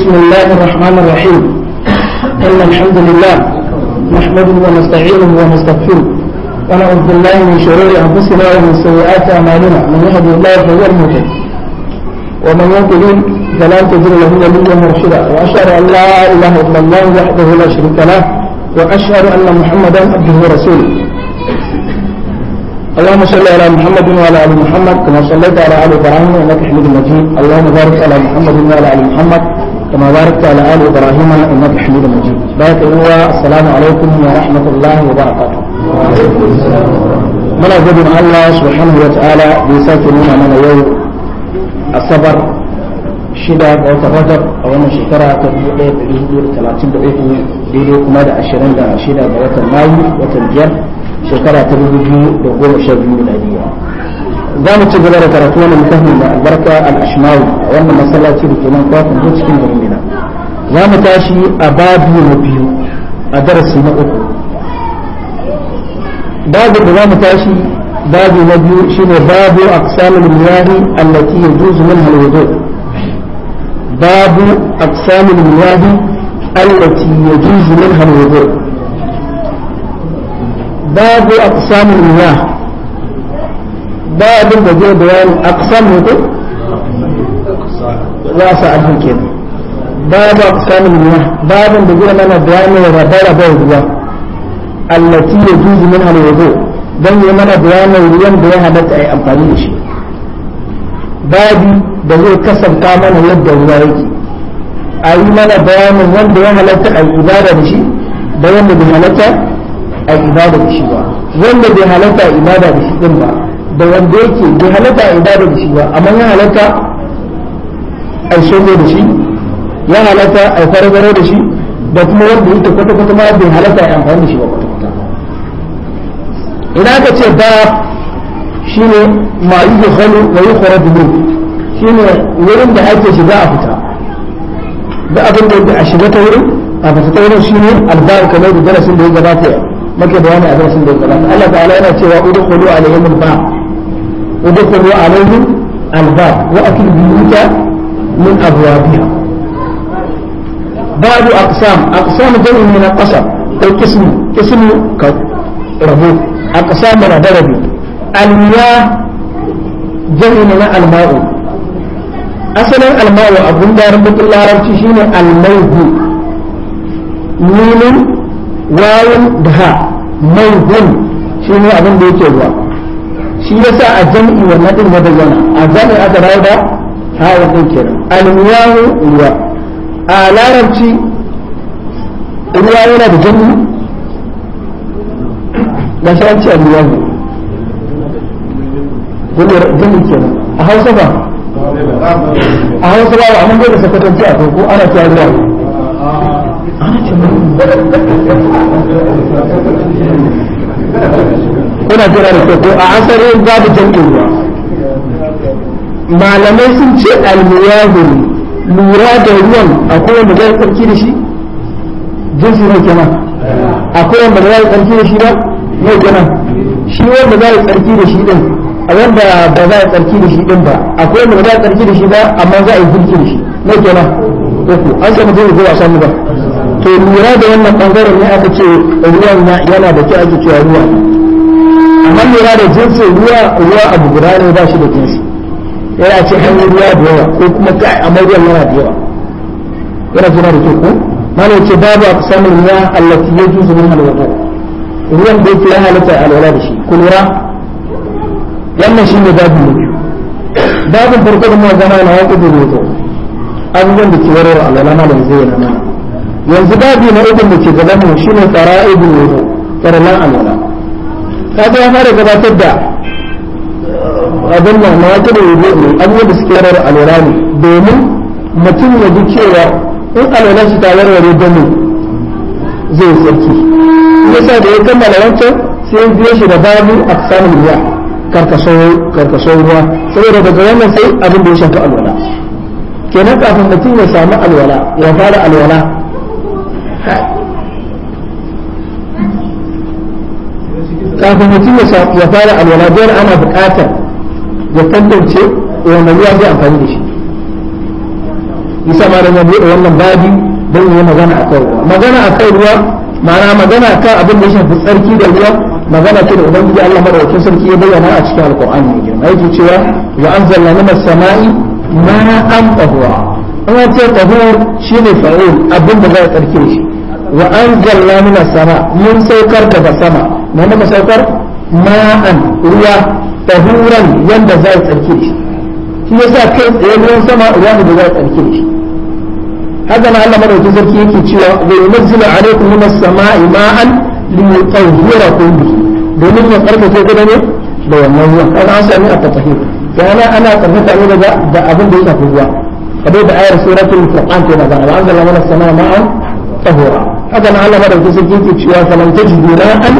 بسم الله الرحمن الرحيم إن الحمد لله نحمده ونستعينه ونستغفره ونعوذ بالله من شرور أنفسنا ومن سيئات أعمالنا من يهد الله فهو المهتد ومن يضلل فلا تجد له نبيا مرشدا وأشهد أن لا إله إلا الله وحده لا شريك له وأشهد أن محمدا عبده ورسوله اللهم صل على محمد وعلى ال محمد كما صليت على ال ابراهيم انك حميد مجيد اللهم بارك على محمد وعلى ال محمد كما باركت على آل إبراهيم إنك حميد مجيد بارك الله السلام عليكم ورحمة الله وبركاته muna gudun Allah subhanahu wa ta'ala da ya sake nuna mana yau asabar shida ga wata a wannan shekara ta 1433 daidai kuma da 26 ga watan mayu watan biyar shekara ta 2012 miladiya za mu ci gaba da karatu wannan littafin da albarka al-ashmawi a wannan masallaci da ke cikin za mu tashi a babu na biyu a darasi na uku babu da za mu tashi babu na biyu shine babu aqsamul miyahi allati yajuzu minha alwudu babu aqsamul miyahi allati yajuzu minha alwudu babu aqsamul miyah babin da zai bayani aqsam ne ko wasa alhin kenan babu aqsamul miyah babin da zai mana bayanin rabe-raben ruwa allati yajuzu min al-wudu dan yi mana bayanin ruwan da ya halatta ai amfani da shi babi da zai kasanta mana yadda ruwa a yi mana bayanin wanda ya halatta ai ibada da shi da wanda bai halatta ai ibada da shi ba wanda bai halatta ai ibada da shi ba da wanda yake bai halatta ai da shi ba amma ya halatta ai da shi ya halatta a fargaro da shi da kuma wanda yake kwata kwata ma bai halatta a amfani da shi ba kwata kwata idan aka ce ba shine ma yi yukhalu wa yukhraj shi ne wurin da ake shiga a fita da abin da a shiga ta wurin a fita ta wurin shi ne albar kamar da darasin da ya gabata maka bayani a darasin da ya gabata Allah ta'ala yana cewa udkhulu alayhim al-bab udkhulu alayhim al-bab wa atul biyuta min abwabiha بعض أقسام أقسام جمع من القسم القسم قسم ربو أقسام ربو المياه جمع من الماء أصلا الماء أبن دار ربك الله رب تشين الموه ميم واو دها موه شنو أبن بيت الله shi yasa a jam'i wannan din madawana a jam'i aka rawa da hawa din kenan al-miyahu ruwa a larabci ruwa yana da jami'i ba shi an ce ruwa ne jami'i kenan a hausa ba a hausa ba ba mun gwada sakatanci a ko ana ta ruwa kuna jira da ko a asarin babu jami'in ruwa malamai sun ce almiyahu lura da ruwan akwai wanda zai tsarki da shi jinsi ne kenan akwai wanda zai tsarki da shi ba ne kenan shi wanda zai tsarki da shi din a wanda ba za a tsarki da shi din ba akwai wanda ba za a tsarki da shi ba amma za a yi girki da shi ne kenan uku an samu zai zuwa samu ba to lura da wannan bangaren ne aka ce ruwan yana da kyau ake cewa ruwa amma lura da jinsi ruwa ruwa abu guda ne ba shi da jinsi yana ce an yi ruwa da yawa ko kuma kai amma ruwan yana da yawa yana jira da kyau ko mana yace babu a samun ruwa ji yajuzu min alwudu ruwan da yake ya halatta alwala da shi ku lura shi ne babu ne babu farko da mu zama na waƙi da wudu abubuwan da ke warware alwala malam zai yana mana yanzu babu na uku da ke gaban mu shine fara'idul wudu farlan alwala kaga ya fara gabatar da abin nan na kira wudu ne abubuwan da suke yarar alwala ne domin mutum ya ji cewa in alwala shi ta warware gani zai sarki yasa da ya kammala wancan sai ya biyo shi da babu a samun ruwa karkashin ruwa saboda daga wannan sai abin da ya shafi alwala kenan kafin mutum ya samu alwala ya fara alwala kafin mutum ya fara alwala dole ana buƙatar ya tantance wanda ruwa zai amfani da shi isa ma da buɗe wannan babi don yi magana a kan ruwa magana a kan ruwa ma'ana magana a kan abin da ya shafi tsarki da ruwa magana ce da ubangiji Allah madaukakin sarki ya bayyana a cikin alƙur'ani mai girma yake cewa wa anzalna minas sama'i ma'an tahura an ce tahur shine fa'il abin da za a tsarki da shi wa anzalna min sama mun saukar daga sama ne muka saukar ma'an ruwa tahuran yanda za a tsarki shi shi yasa kai tsaye ruwan sama ruwa ne da za a tsarki shi haka na Allah madaukakin sarki yake cewa wa yunzilu alaykum min as-sama'i ma'an liyutahhirakum bihi domin ya tsarkake ku da ne da wannan ruwan kaga an sami at-tahir kana ana tsarkaka ne daga da abin da ya shafi ruwa kadai da ayar suratul furqan ta da Allah anzalna min as-sama'i ma'an tahura haka na Allah madaukakin sarki yake cewa falam tajidu ra'an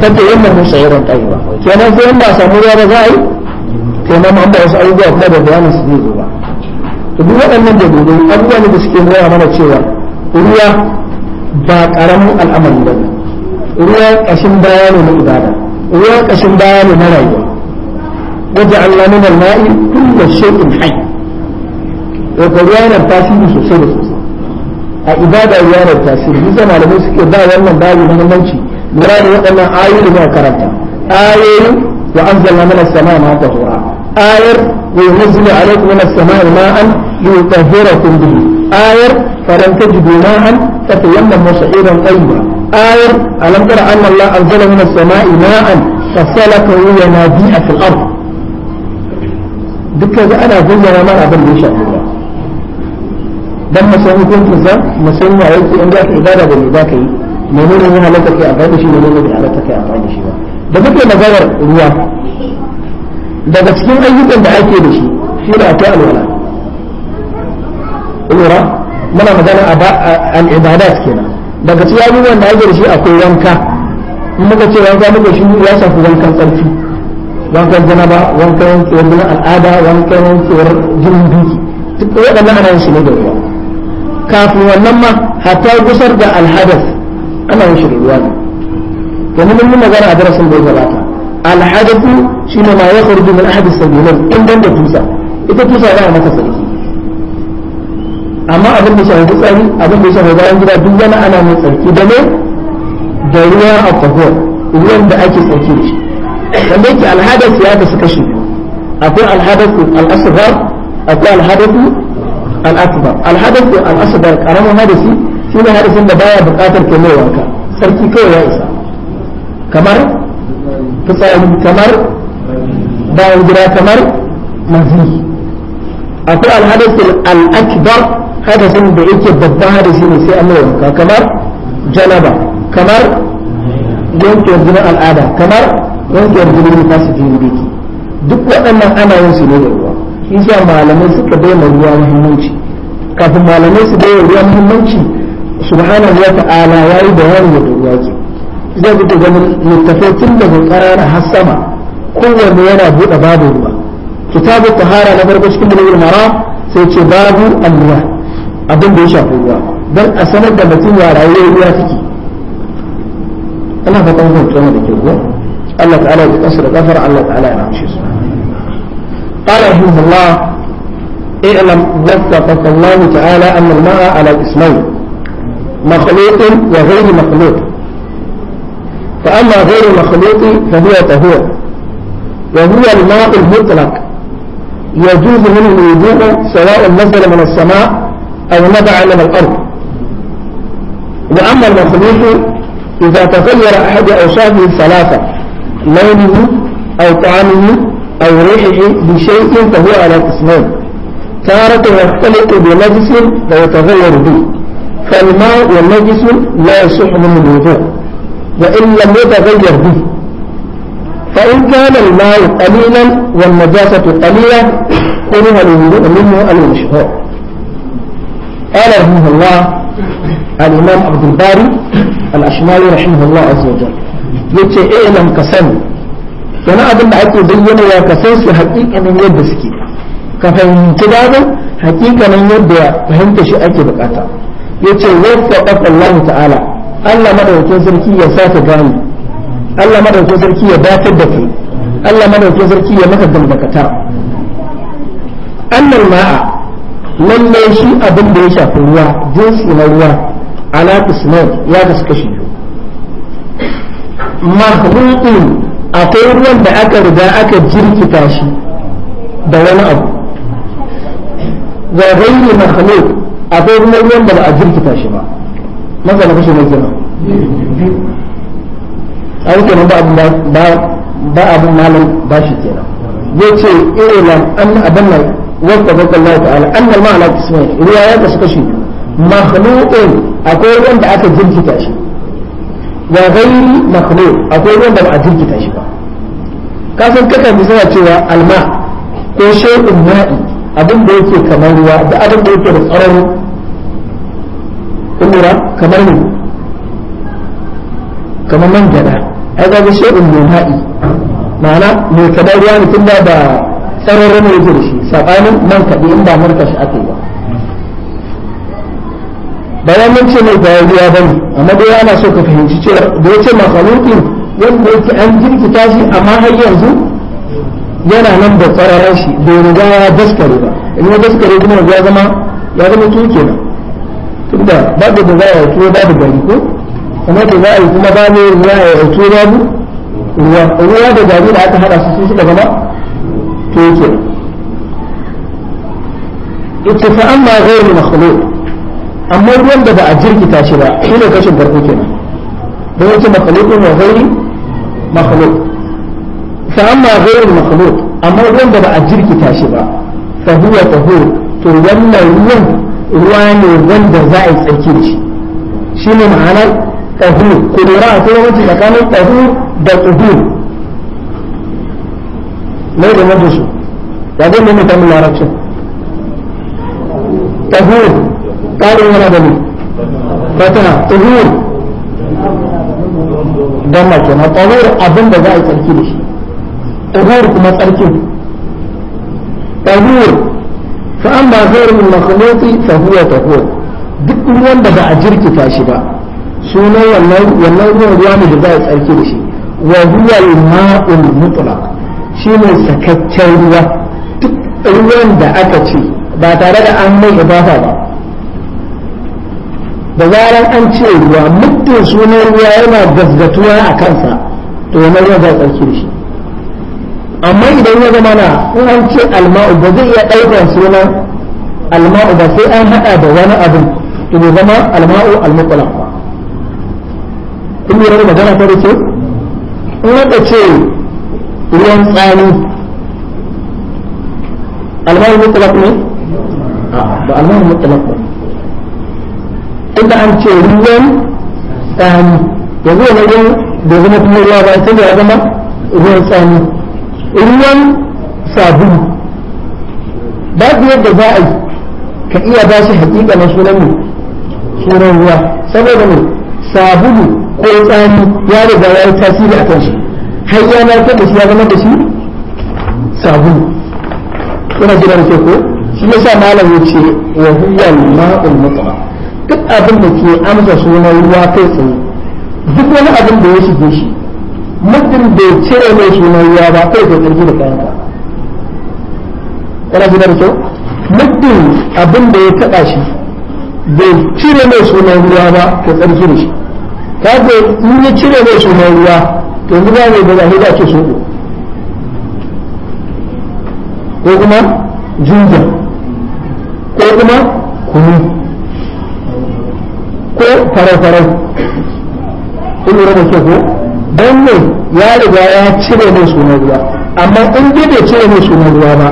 fatayammam sayran tayyiba kenan sai in ba samu ruwa ba za a yi kenan an ba wasu abubuwa kuma da bayanin su zai zo ba to duk waɗannan dalilai abubuwa ne da suke nuna mana cewa ruwa ba karamin al'amari ba ruwa ƙashin baya ne na ibada ruwa ƙashin baya ne na rayuwa Wajen min al-ma'i kullu shay'in hayy wa ruwa yana tasiri sosai da sosai a ibada ya da tasiri bisa malamai suke ba wannan babu muhimmanci lura da waɗannan ayoyi da karanta ayoyin wa anzalna mana sama ma tahura ayar wa yunzilu alaykum min as-sama'i ma'an liyutahhirakum bihi ayar falam tajidu ma'an fatayammamu sa'idan tayyiba ayar alam tara anna Allah anzala min as-sama'i ma'an fasalakahu yanabi'a fil ard dukkan ana bayyana mana abin da ya shafi dan mu san hukuncin sa mu san ya yake in za ka ibada da me za ka yi menene ne halatta kai amfani da shi menene ne halatta kai amfani da shi ba da muke magana ruwa daga cikin ayyukan da ake da shi shi da ta alwala lura muna magana a al-ibadat kenan daga cikin ayyukan da ake da shi akwai wanka in muka ce wanka muka shi ya shafi wankan tsarki wankan janaba wankan tsawon al'ada wankan tsawon jinin duki duk waɗannan ana yin shi ne da ruwa kafin wannan ma hatta gusar da alhadas ana yin shirin ruwa ne kuma mun yi magana a darasin da ya gabata alhadasu ne ma ya kharju min ahadis sabilan in dan da tusa ita tusa ba mata sarki amma abin da shafi tsari abin da shafi bayan gida duk wani ana mai tsarki da ne da ruwa a tahur ruwan da ake tsarki da shi wanda yake alhadas ya da suka shi akwai alhadas al-asghar akwai alhadas al'akbar alhadasu al'asgar karamin hadasi shi ne hadasin da baya buƙatar kemewarka sarki kawai ya isa kamar fitsari kamar bayan gida kamar mazi akwai alhadasu al'akbar hadasin da yake babban hadasi ne sai an wanka kamar janaba kamar yankewar jinin al'ada kamar yankewar jinin nifasi fi duk waɗannan ana yin su ne da shi malamai suka bai ma ruwa muhimmanci kafin malamai su bai ruwa muhimmanci subhanahu wa ta'ala yayi bayani da ruwa ke zai fita ganin littafai tun daga karara har sama kowanne yana buɗe babu ruwa kitabu tahara na farko cikin bulugul maram sai ce babu alwa abin da ya shafi ruwa dan a sanar da mutum ya rayuwar ruwa take ana fatan zan tsoma da ke ruwa Allah ta'ala ya kasar kafar Allah ta'ala ya su قال رحمه الله اعلم وفقك الله تعالى أن الماء على الاسمين مخلوق وغير مخلوق فأما غير المخلوق فهو طهور وهو الماء المطلق يجوز منه الوضوء سواء نزل من السماء أو نبع من الأرض وأما المخلوق إذا تغير أحد أوصافه الثلاثة لونه أو طعامه أو ريح بشيء فهو على قسمين تارة يختلط بنجس ويتغير به فالماء والنجس لا يصح من الوضوء وإن لم يتغير به فإن كان الماء قليلا والنجاسة قليلة قلها الوضوء منه المشهور قال رحمه الله الإمام عبد الباري الأشمالي رحمه الله عز وجل يتعلم إيه كسن wani abin da ake bayyana ya ka san su hakikanin yadda suke ka fahimci babin hakikanin yadda fahimta shi ake bukata ya yace waffaqa Allah ta'ala Allah madaukakin sarki ya sa ka gane Allah madaukakin sarki ya datar da kai Allah madaukakin sarki ya maka dalbakata annal ma'a lalle shi abin da ya shafi ruwa jinsi na ruwa ala kisnan ya shi mahruqin akwai ruwan da aka riga aka jirkita shi da wani abu wa ghayri makhluq akwai kuma ruwan da ba a jirkita shi ba masa na kashe mai kenan a yake nan ba abin malam ba shi kenan yace ilan an abin nan wanda ba Allah ta'ala anna al ma'ana ismai riwaya da suka shi makhluqin akwai da aka jirkita shi wa ghairi makhluq akwai ruwan da ba a jirkita shi ba kafin kakan ji suna cewa alma ko shay'un ma'i abin da yake kamar ruwa da abin da yake da tsararo umura kamar ne kamar man gada ai ga shay'un ma'i ma'ana mai kamar ruwa ne tunda da tsararo ne yake da shi sabanin man kaɗi in ba marka shi aka ba bayan mun ce mai dariya ba ne amma dai ana so ka fahimci cewa da ya ce makhluqin wanda yake an jirkita shi amma har yanzu yana nan da tsararan shi bai riga ya daskare ba in ya daskare kuma ya zama ya zama tuwo kenan tunda babu da za a yi tuwo babu gari ko kuma da za a yi kuma babu ruwa ya yi tuwo babu ruwa ruwa da gari da aka hada su sun suka zama tuwo kenan ita fa amma ghairu makhluq amma ruwan da ba a jirkita shi ba shi ne kashin farko kenan da yake makhluqun ne zai makhluq fa amma zai makhluq amma ruwan da ba a jirkita shi ba fa huwa tahur to wannan ruwan ruwa ne wanda za a yi tsarki da shi shi ne ma'ana tahur ko lura a kuma wajen tsakanin tahur da tuhur mai da majusu ya zai mai mutum larabcin tahur ƙarin yana da ne fata tuhur don na kenan tuhur abin za a tsarki da shi tuhur kuma tsarkin ba duk ruwan da ba a jirkita shi ba sunan wannan wannan ruwan ruwa ne da za a tsarki da shi wa huwa al-ma'ul mutlaq shine sakaccen ruwa duk ruwan da aka ce ba tare da an mai ibafa ba da zaran an ce ruwa muddin sunan ruwa yana gazgatuwa a kansa to wannan ruwa za tsarki da shi amma idan ya zama na in an ce alma'u ba zai iya ɗaukar sunan alma'u ba sai an haɗa da wani abin to bai zama alma'u almutlaq ba kun lura da magana ta dace in aka ce ruwan tsani alma'u mutlaq ne ba alma'u mutlaq ba inda an ce ruwan tsani da zai na ruwan da zama kuma ruwa ba sai ya zama ruwan tsani ruwan sabulu babu yadda za a yi ka iya ba shi hakika na sunan mu sunan ruwa saboda ne sabulu ko tsani ya riga ya yi tasiri a kan shi har ya narkar da shi ya zama da shi sabulu kuna jira ke ko shi yasa malam ya ce wa huwa maul duk abin da ke amsa sunan ruwa kai tsaye duk wani abin da ya shige shi muddin bai cire mai sunan ruwa ba kai da karfi da kayan ka kana ji da kyau muddin abin da ya taba shi bai cire mai sunan ruwa ba kai tsarki da shi kaga in ya cire mai sunan ruwa to yanzu ba mai da da ce so ko kuma jinja ko kuma farau-farau in lura da ke ko don ne ya riga ya cire mai suna ruwa amma in dai bai cire mai suna ruwa ba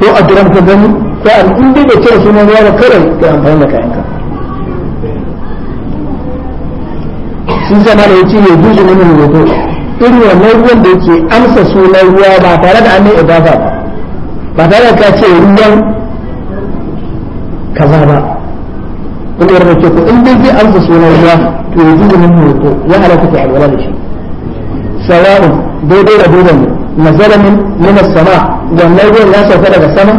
ko a duran ka gani ko a in dai bai cire sunan ruwa ba kawai ka amfani da kayanka sun zama da yake ne guzu ne mai wato irin wannan ruwan da yake amsa sunan ruwa ba tare da an yi idafa ba ba tare da ka ce ruwan kaza ba kun yi rarrake ko in dai zai amsa sunan ruwa to ya zuwa min hoto ya halatta ta alwala da shi sawa'un daidai da dole ne na min min sama wannan ruwan ya sauka daga sama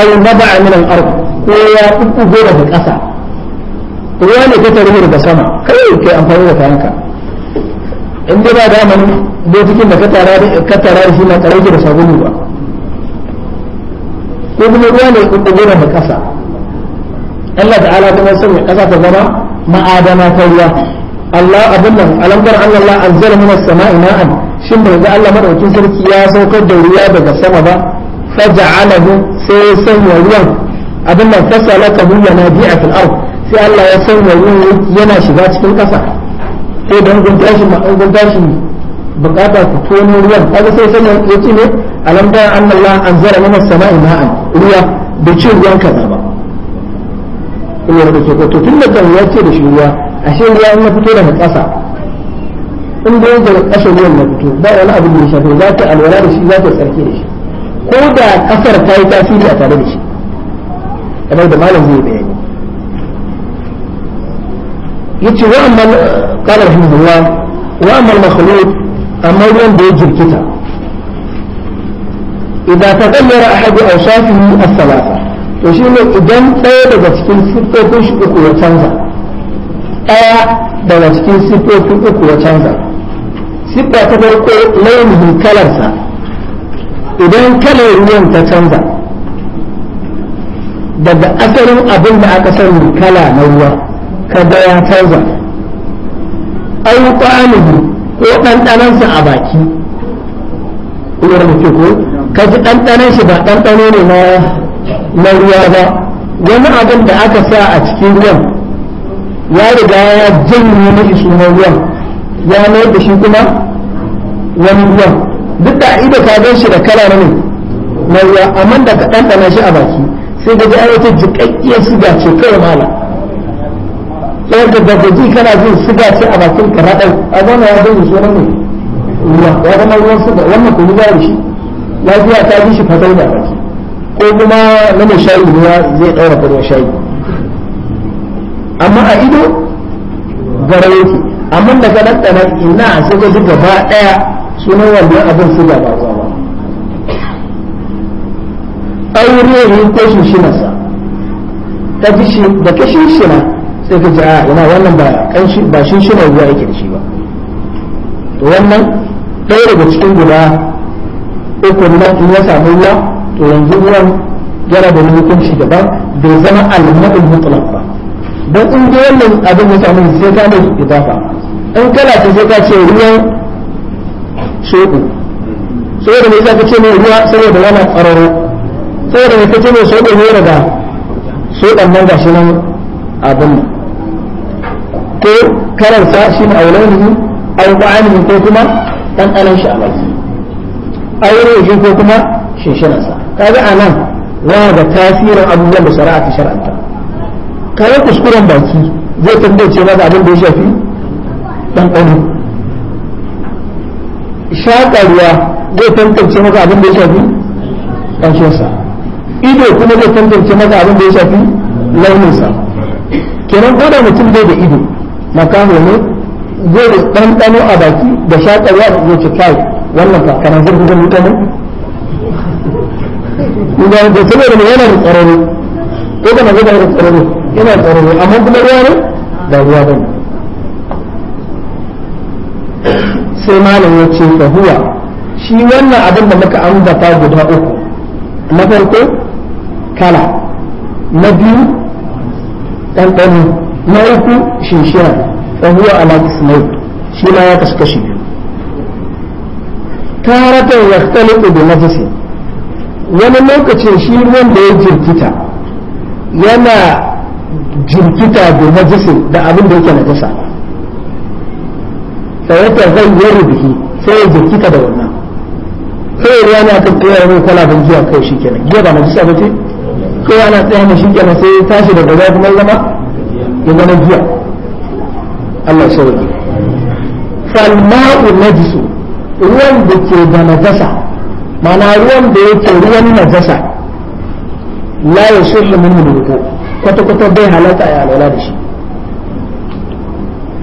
aw naba'a min al-ard ko ya kubbugo daga ƙasa ruwa ne ta ruhu daga sama kai kai amfani da kayanka in dai ba damani botikin da ka tara da shi na tsare da sabulu ba ko kuma ruwa ne kubbugo daga ƙasa Allah ta'ala kuma sanya kasa ta zama ma'adana ta ruwa Allah abin nan Allah anzala min as-sama'i ma'an shin bai ga Allah madaukin sarki ya saukar da ruwa daga sama ba faja'alahu sai sanya ruwan abin nan fasalaka yana bi'a fil ard sai Allah ya sanya ruwan yana shiga cikin kasa ko don bukata ku tono ruwan kaga sai sanya yace ne alamdar Allah anzala min as-sama'i ma'an ruwa da cin ruwan kaza ba kuma da ke ko tun da ya ce da shi ruwa ashe ruwa in na fito daga ƙasa in da daga ƙasa ruwan na fito ba wani abu da ya shafi za ta alwala da shi za ta tsarki da shi ko da ƙasar ta yi tasiri a tare da shi kamar da malam zai bayani yace wa amma qala rahimahullah wa amma al amma ruwan da ya jirkita إذا تغير أحد أوصافه الثلاثة to shi ne idan ɗaya daga cikin siffofin shi uku ya canza ɗaya daga cikin siffofin uku ya canza siffa ta farko launin kalarsa idan kalar ruwan ta canza daga asalin abin da aka sani kala na ruwa kada ya canza alƙwanihi ko ɗanɗanansa a baki ko ka ji ɗanɗanansa shi ba ɗanɗano ne na na ruwa ba wani abin da aka sa a cikin ruwan ya riga ya janye mai sunan ruwan ya mayar da shi kuma wani ruwan duk da ido ka gan shi da kala na ne na ruwa amma da ka ɗanɗana shi a baki sai ga ya wata jiƙaƙƙiyar siga ce kawai mala yadda daga ji kana jin siga ce a bakin ka raɗai a zama ya zai so ne ruwa ya zama ruwan siga wannan kuma ya shi lafiya ta ji shi fatai da baki ko kuma na mai shayi zai ɗaura da shayi amma a ido gara yake amma da ka ɗanɗana ina a sai ka ji gaba ɗaya sunan wannan abin su gaba ba aure ne kashin shinarsa ta ji shi da kashin shina sai ka ji a ah, ina wannan ba kanshi ba shina ruwa yake da shi ba to wannan ɗaya daga cikin guda uku na in ya samu ruwa to yanzu ruwan yana da hukunci daban bai zama almadin mutlaq ba dan in da wannan abin ya samu sai ka mai idafa in kana ta sai ka ce ruwan sheku saboda mai me yasa kace mai ruwa saboda yana kwararo saboda me kace mai soɗo ne daga soɗan nan gashi nan abin ko sa shi ne aulainihi au ba'anihi ko kuma ɗanɗanan shi a baki aure shi ko kuma shinshinan sa. kaga a nan wa da tasirin abubuwan da shari'a ta shari'anta kayan kuskuren baki zai tambaye maza abin da ya shafi ɗanɗano shaƙarwa zai tantance maza abin da ya shafi ƙanshinsa ido kuma zai tantance maza abin da ya shafi launinsa kenan ko da mutum bai da ido makamu ne zai da ɗanɗano a baki da shaƙarwa da zai ce kai wannan zai zirgin mutane. kun ga ko saboda mai yana da tsaro ne ko kana ga da tsaro ne yana tsaro amma kuma ruwa ne ba ruwa bane sai malam ya ce fa huwa shi wannan abin da muka ambata guda uku na farko kala na biyu ɗanɗano na uku shinshina fa huwa ala kismai shi ma ya kashi kashi biyu taratan yaxtaliqu bi nafsihi wani lokacin shi ruwan da ya jirkita yana jirkita da najisin da abin da yake najasa sayata zai yi rubuki sai ya jirkita da wannan Kai ruwa na ta tsaya kala kwalaben giya kawai shi kenan giya ba najisa ba ce kawai ana tsaya mai shi kenan sai ya tashi daga zai kuma zama ya zama giya Allah sauki falma'u najisu ruwan da ke da najasa mana ruwan da yake ruwan najasa la ya shirya min mulku kwata kwata bai halata a yalola da shi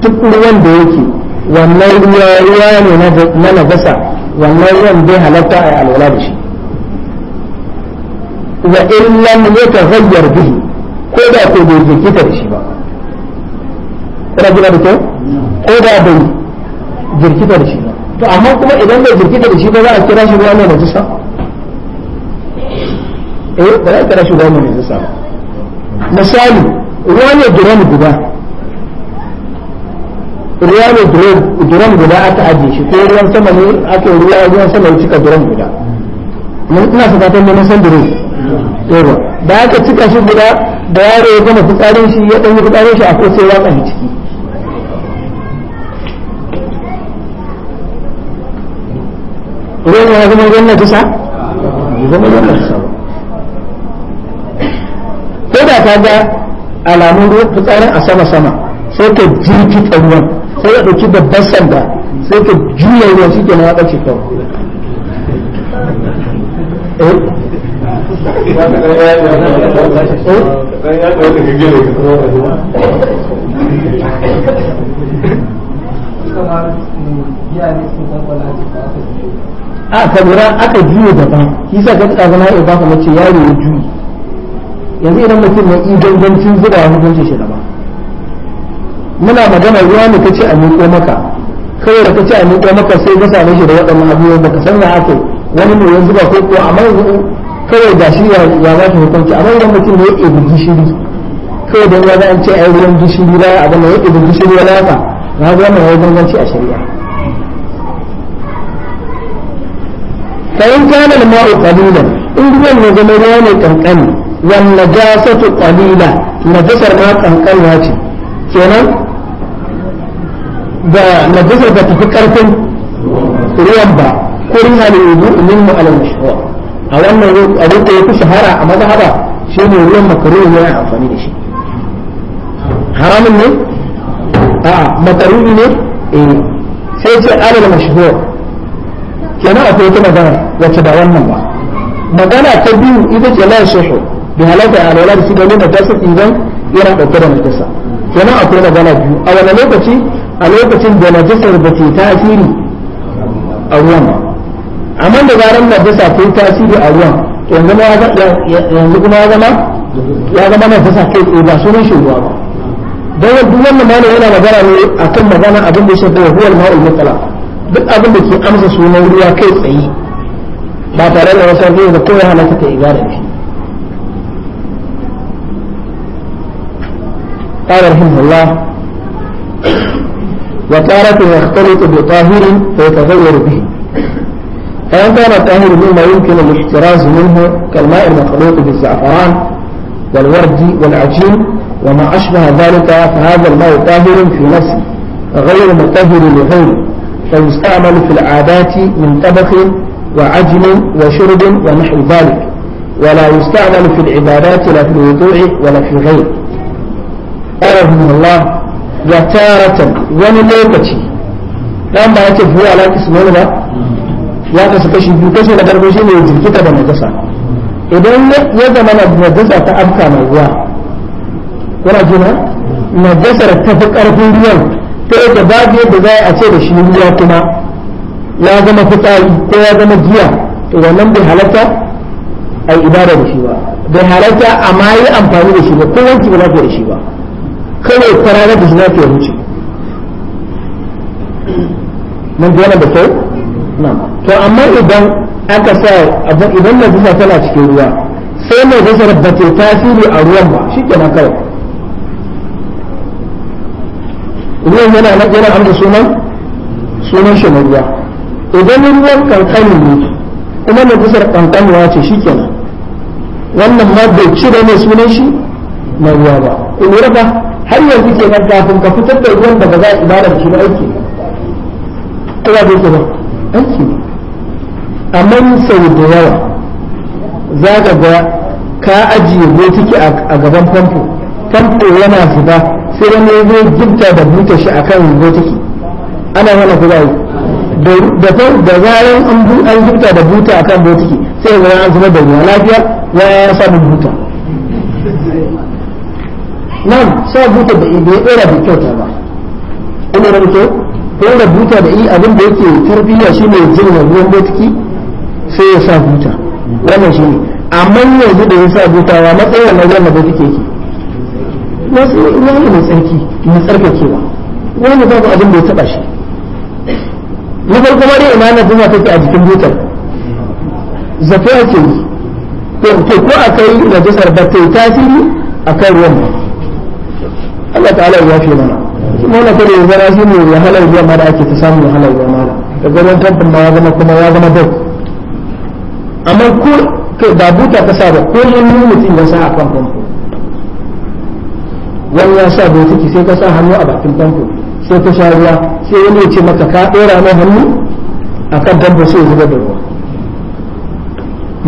duk ruwan da yake wannan ruwa ruwa ne na najasa wannan ruwan bai halata a yalola da shi wa in lam yataghayyar bihi ko da ko bai jikita da shi ba kuna jira da kyau ko da bai jirkita da shi ba to amma kuma idan bai jirgita da shi ba za a kira shi ruwa mai najisa eh ba za a kira shi ruwa mai najisa ba misali ruwa ne duran guda ruwa ne duran guda aka ajiye shi ko ruwan sama ne aka yi ruwa ruwan sama ya cika duran guda ina sa fatan ne san duro yawa da aka cika shi guda da yaro ya gama fitsarin shi ya ɗanyi fitsarin shi a ko sai ya tsani ciki ruwan ya zama ruwan najasa zama ruwan najasa ko da ta ga alamun ruwan fitsarin a sama sama sai ka jirkita ruwan sai ka ɗauki babban sanda sai ka juya ruwan shi kenan ya ɓace kawai eh mm, a kamura aka juyo daban shi sa kan tsaba na ba baka mace yaro ya juyi yanzu idan mutum na dangancin zuba ya hukunci shi daban muna magana ruwa ne kace a miƙo maka kawai da kace a miƙo maka sai ka same shi da waɗannan abubuwan ka san na ake wani ne ya zuba ko ko amma yanzu kawai da shi ya za shi hukunci amma idan mutum ne ya da gishiri kawai da ya za a ce a yi ruwan gishiri ba abin da ya da gishiri ya ka na ga ya yi ganganci a shari'a فإن كان الماء قليلا إن كان زمان كنكن والنجاسة قليلة نجسر ما كنكن واتي كنا da najasar da tafi karfin ruwan ba ko riha ne yudu min mu alal mashru'a a wannan abin da yafi shahara a mazhaba shine ne amfani da shi haramun ne ne eh sai ce alal mashru'a kenan akwai wata magana wacce ba wannan ba magana ta biyu ita ce la shahu bi halaka alwala da sigar da tasir idan yana dauke da najasa kenan akwai magana biyu a wani lokaci a lokacin da najasar ba ke tasiri a ruwan ba amma da zaran najasa ta yi tasiri a ruwan yanzu kuma ya zama ya zama najasa kai tsaye ba sunan shi ruwa ba don duk wannan malam yana magana ne akan magana abin da ya shafi huwal ma'ul mutlaq duk abin da ke amsa sunan ruwa kai tsaye ba tare da wasu abin da kowa halatta ta ibada da قال رحمه الله وتارة يختلط بطاهر فيتغير به فإن كان الطاهر مما يمكن الاحتراز منه كالماء المخلوط بالزعفران والورد والعجين وما أشبه ذلك فهذا الماء طاهر في نفسه غير مطهر لغيره فيستعمل في العادات من طبخ وعجن وشرب ونحو ذلك ولا يستعمل في العبادات لا في الوضوء ولا في الغير قال رحمه الله وتارة ونلوكتي لما يتف على اسمه ولا يا كسكشي في كسي لدرجه انه يجي كتاب المدرسه idan ya zama na najasa ta amka mai ruwa kuna jina ta yadda babu yadda za a ce da shi ruwa kuma ya zama fitsari ko ya zama giya to wannan bai halatta a yi ibada da shi ba bai halatta amma yi amfani da shi ba ko wanki ba za da shi ba kawai kwarara da shi na ta wuce mun ji da kyau to amma idan aka sa idan najisa tana cikin ruwa sai mai gasar ba ta tasiri a ruwan ba shi kenan kawai ruwan yana nan yana amsa sunan sunan shi na idan ruwan kankani ne kuma na kusar kankanuwa ce shi shikenan wannan ma bai cire ne sunan shi na ruwa ba in ba har yanzu ke nan kafin ka fitar da ruwan da za a ibada da shi ba aiki ba ba ke ba aiki ne amma sau da yawa za ka ga ka ajiye botiki a gaban famfo famfo yana zuba sai wani ya zo da buta shi a kan gotiki ana wani kuzari da ta da zaran an an da buta a kan gotiki sai ya zama an zuba da ruwa lafiya ya samu buta nan sa buta da ibe ya ɗora da kyauta ba ina da mutu ko da buta da i abin da yake tarbiyya shi ne jin da ruwan gotiki sai ya sa buta wannan shi ne amma yanzu da ya sa buta wa matsayin na zama da ke wasu iyali mai tsarki mai tsarkakewa wani babu abin da ya taba shi na farko ma dai ina na jima take a jikin butar zato ake yi to ko a kai najasar ba ta yi tasiri a kan ruwan ba Allah ta'ala ya fi mana kuma na kada ya zara shi ne wahalar ruwan ma da ake ta samun wahalar ruwan ma da gaban tamfin ma ya zama kuma ya zama bai amma ko kai ba buta ka sa ba ko yin mutum ya sa a kan famfo wani ya sa botiki sai ka sa hannu a bakin famfo sai ka sha ruwa sai wani ya ce maka ka ɗora mai hannu a kan dabba sai zuba da ruwa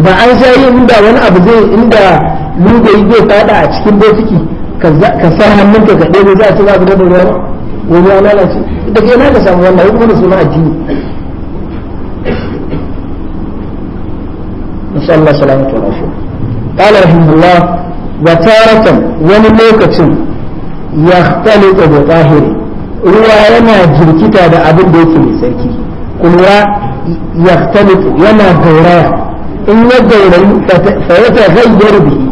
ba an sha yi inda wani abu zai inda lugayi zai fada a cikin botiki ka sa hannun ka kaɗe ne za a ce zuba da ruwa ba wani ya lalace da kai na ka samu wannan ya kuma suna addini نسأل الله السلامة والعافية قال رحمه الله وتارة ونلوكة yakhtaliqu da tahir ruwa yana jirkita da abin da yake mai sarki kuma yakhtaliqu yana gauraya in ya gaurayi fa ya taghayyar bihi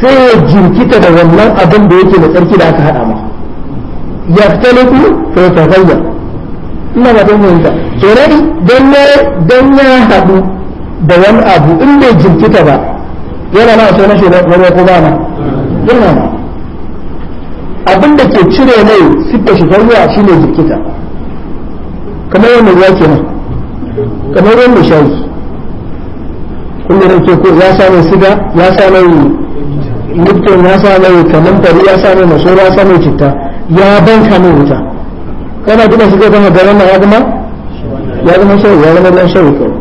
sai ya jirkita da wannan abin da yake mai sarki da aka hada ma yakhtaliqu fa ya hanyar ina ba don yanka kenan dan ne dan ya hadu da wani abu in bai jirkita ba yana na so na shi na ko ba na yana na abin da ke cire mai siffar shi tarbiya shine jikita kamar yadda ruwa kenan kamar ruwan shayi kun da ke ko ya sa mai siga ya sa mai lipton ya sa mai kamanfari ya sa mai masoro ya sa mai citta ya banka mai wuta kana duba shi zai banka garin na ya ya zama shayi ya zama ruwan shayi kawai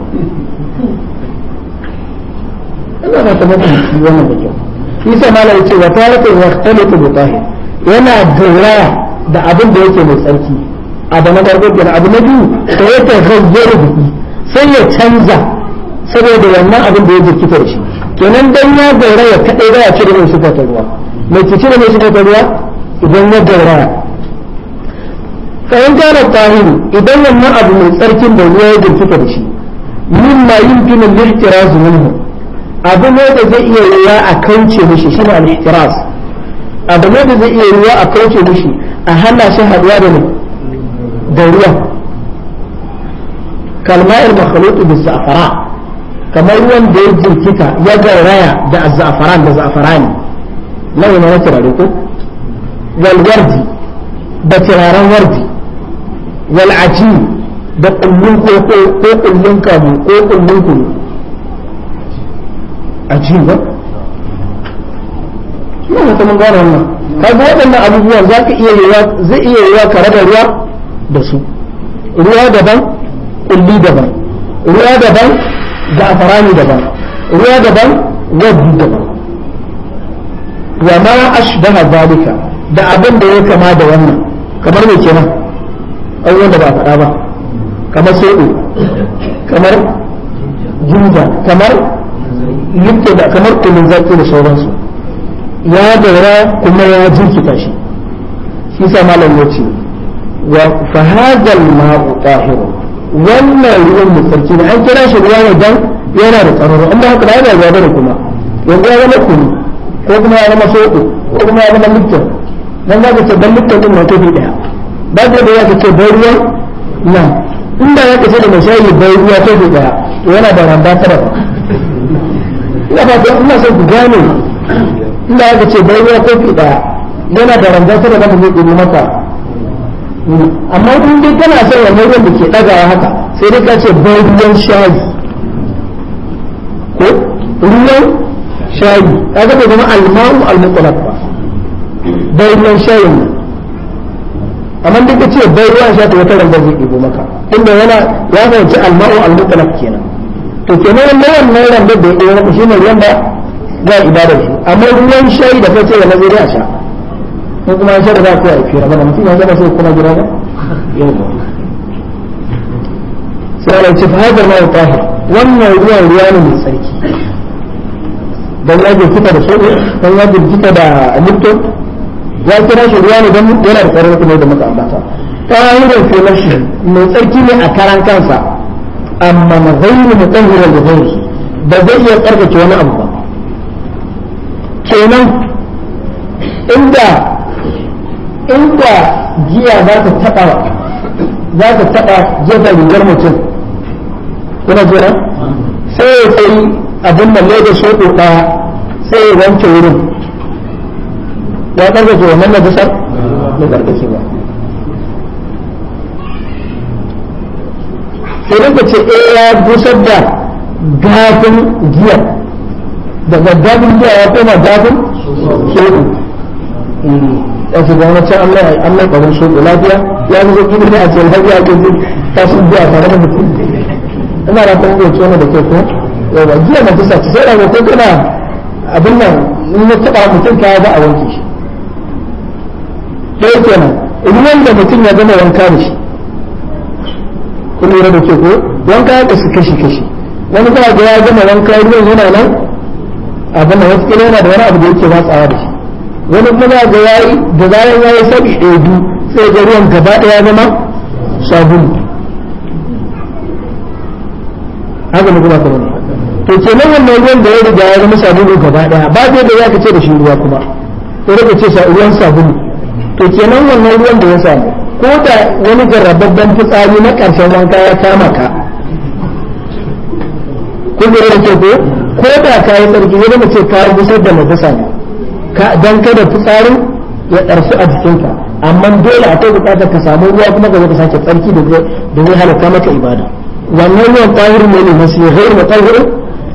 ina ba ta mafi wannan da kyau shi sa malai ce wa tarata ya talibu mutahir yana gauraya da abin da yake mai tsarki abu na farko da abu na biyu ta ya tazayyar biki sai ya canza saboda wannan abin da ya jirkita da shi kenan dan ya ya kadai da ya cire da shiga ta ruwa mai kici da mai shiga ta ruwa idan ya gauraya fa'in kana tahiru idan wannan abu mai tsarkin da ruwa ya jirkita da shi mimma yumkinu al-ihtiraz minhu abu ne da zai iya yiwa a kauce mishi shine al-ihtiraz abu ne da zai iya ruwa a kauce mishi a hana shi haɗuwa da da ruwa kalma'ir makhlutu bi za'fara kamar ruwan da ya jirkita ya garaya da za'faran da za'farani lawa na wata ko wal wardi da turaren wardi wal ajin da kullun koko ko kullun kamu ko kullun kunu ajin ba shi ne ta gane wannan kaga waɗannan abubuwan za ka iya yiwa zai iya yiwa ka raba ruwa da su ruwa daban kulli daban ruwa daban za'afarani daban ruwa daban waddu daban wa ma ashbaha zalika da abin da ya kama da wannan kamar me kenan abubuwan da ba a faɗa ba kamar soɗo kamar jinja kamar yadda da kamar kulun zaki da sauransu ya dora kuma ya jinkita shi shi sa malam ya ce wa fa hadal ma'u tahir wannan ruwan mu tsarki ne an kira shi ruwa ne dan yana da tsaro amma haka da yana da kuma yanzu ya zama kunu ko kuma ya zama soko ko kuma ya zama littan dan za ka ce dan littan din mai tafi daya ba da ya ce bai ruwa na inda ya kace da mai shayi bai ruwa tafi daya to yana da ramba tara ba ina ba ina son ku gane ina aka ce bai ya kofi da yana da ranzar sada da zai ɗumi maka amma in dai kana son ya ruwan wanda ke ɗagawa haka sai dai ka ce bai ruwan shayi ko ruwan shayi ka ga bai zama almaru almutlaq ba bai ruwan shayi ne amma duk da ce bai ruwan shayi ta wata ranzar zai ɗumi maka inda yana ya fahimci almaru almutlaq kenan to kenan wannan wannan ranzar da ya ɗumi maka ne ruwan da ga ibadar shi amma ruwan shayi da sai da mazai a sha ko kuma an da za ku yi fira bana mutum ya zama sai kuma gida ba sai ala ce fahadar ma tahir wannan ruwan ruwa ne mai tsarki dan ya jirkita da soɓo dan ya jirkita da lipton ya kira shi ruwa ne dan yana da tsarin kuma da muka ambata ƙa'irar kenan shi mai tsarki ne a karan kansa amma mazayin mutahhirar da zai ba zai iya tsarkake wani abu kenan inda inda giya za ta taba za ta taɓa gefen rigar mutum kuna jira sai ya sai abin da da shoɗo ɗaya sai ya wanke wurin ya ɗaga ɗarɗake wannan na bisar ya ɗarɗake ba sai rinka ce eh ya busar da gafin giyar da gaddafin da ya koma dafin soku ya ce eh, gama wancan Allah ya Allah kamar soku lafiya ya fi zaki ne a cikin hajji a kan ta su biya tare da mutum ina da kan yi tsohon da kai ko yawa eh, jiya na ta sace sai da ko kana abin nan in ya taba mutum ka ba a wanke shi ɗaya kenan in wanda mutum ya gama wanka da shi kun lura da ke ko wanka ya kasu kashi kashi wani kuma ga ya gama wanka ruwan yana nan abin da wasu kila yana da wani abu da yake watsawa da shi wani kuma ga yayi da zaran yayi sabi ɗaya du sai ga ruwan gaba ɗaya zama sabulu haka ne kuma kamar to nan wannan ruwan da ya riga ya zama sabulu gaba daya ba zai da zaka ce da shi ruwa kuma ko da ce ruwan sabulu to nan wannan ruwan da ya samu ko da wani jarrababban fitsari na karshen wanka ya kama ka kun da ke ko ko da ka yi tsarki ya zama ce ka busar da najasa ne don kada fitsarin ya ɗarsu a jikinka amma dole akwai buƙatar ka samu ruwa kuma ka ka sake tsarki da zai halatta maka ibada wannan ruwan tahirin ne ne masu yahayi na tahirin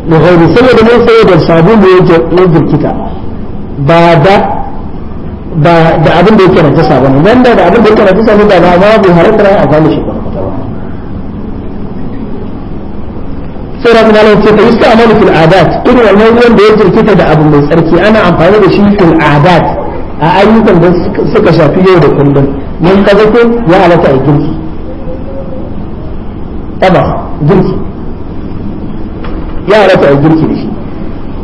yahayi saboda mun sai da sabu ne ya jirkita ba da ba da abin da yake najasa ba ne nan da abin da yake najasa ne da ba babu halatta a gane shi saboda kuma Allah ce fa yusta'malu fil adat irin wannan wanda da ya jirkita da abu mai tsarki ana amfani da shi fil adat a ayyukan da suka shafi yau da kullum mun kaza ko ya halatta a girki taba girki ya halatta a girki da shi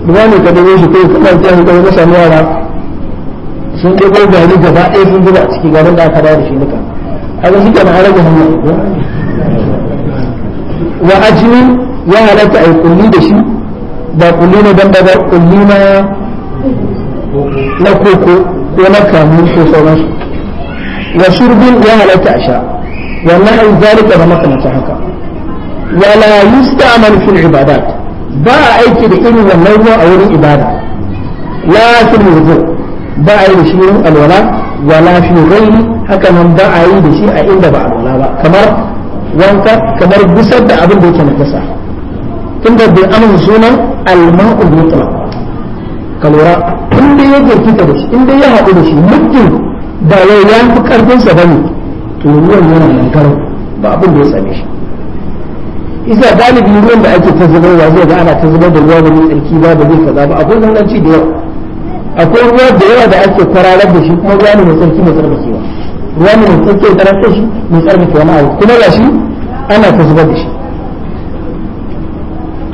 ruwa ne ka dawo shi kai kuma ta hukar na samu yara sun ɗago gari gaba ɗaya sun zuba a ciki garin da aka dawo da shi duka a ga shi kana an rage hanyar wa ajinin ya halatta a yi kulli da shi ba kulli na dan ba kulli na na koko ko na kamu ko sauransu wa shurbin ya halatta a sha wannan an zalika da makamata haka wala yusta'malu fil ibadat ba a aiki da irin wannan ruwa a wurin ibada la fil wudu ba a yi da shi wurin alwala wala fi ghairi haka nan ba a yi da shi a inda ba alwala ba kamar wanka kamar gusar da abin da yake na kasa tun da bai amin sunan alma'ul mutlaq ka lura in dai ya jirkita da shi in dai ya haɗu da shi mutum da yau ya fi karfinsa ba ne to ruwan yana nan karo ba abin da ya same shi isa galibi ruwan da ake ta zubarwa zai ga ana ta zubar da ruwa wani tsarki ba da zai kaza ba akwai zanganci da yawa akwai ruwa da yawa da ake kwararar da shi kuma ruwa ne mai tsarki mai tsarkakewa ruwa ne mai tsarki da tsarkakewa shi mai tsarkakewa na abu kuma ga shi ana ta zubar da shi